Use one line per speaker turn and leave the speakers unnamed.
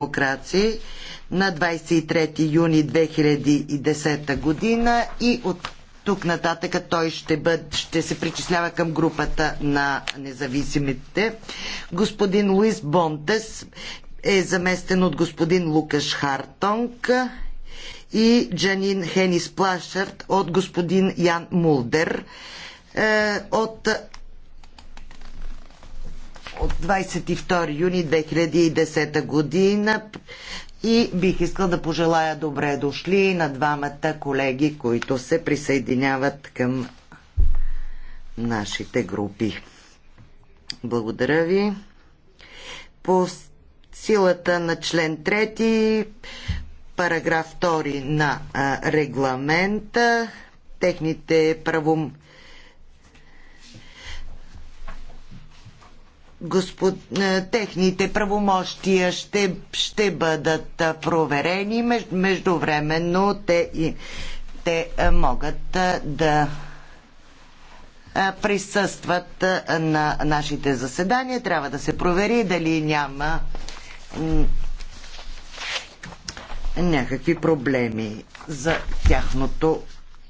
демокрация на 23 юни 2010 година и от тук нататък той ще, бъд, ще се причислява към групата на независимите. Господин Луис Бонтес е заместен от господин Лукаш Хартонг и Джанин Хенис Плашърт от господин Ян Мулдер е, от от 22 юни 2010 година и бих искал да пожелая добре дошли на двамата колеги, които се присъединяват към нашите групи. Благодаря ви. По силата на член 3, параграф 2 на регламента, техните правомощия господ... Е, техните правомощия ще, ще бъдат е, проверени. Междувременно те, и, те е, могат да присъстват на нашите заседания. Трябва да се провери дали няма някакви проблеми за тяхното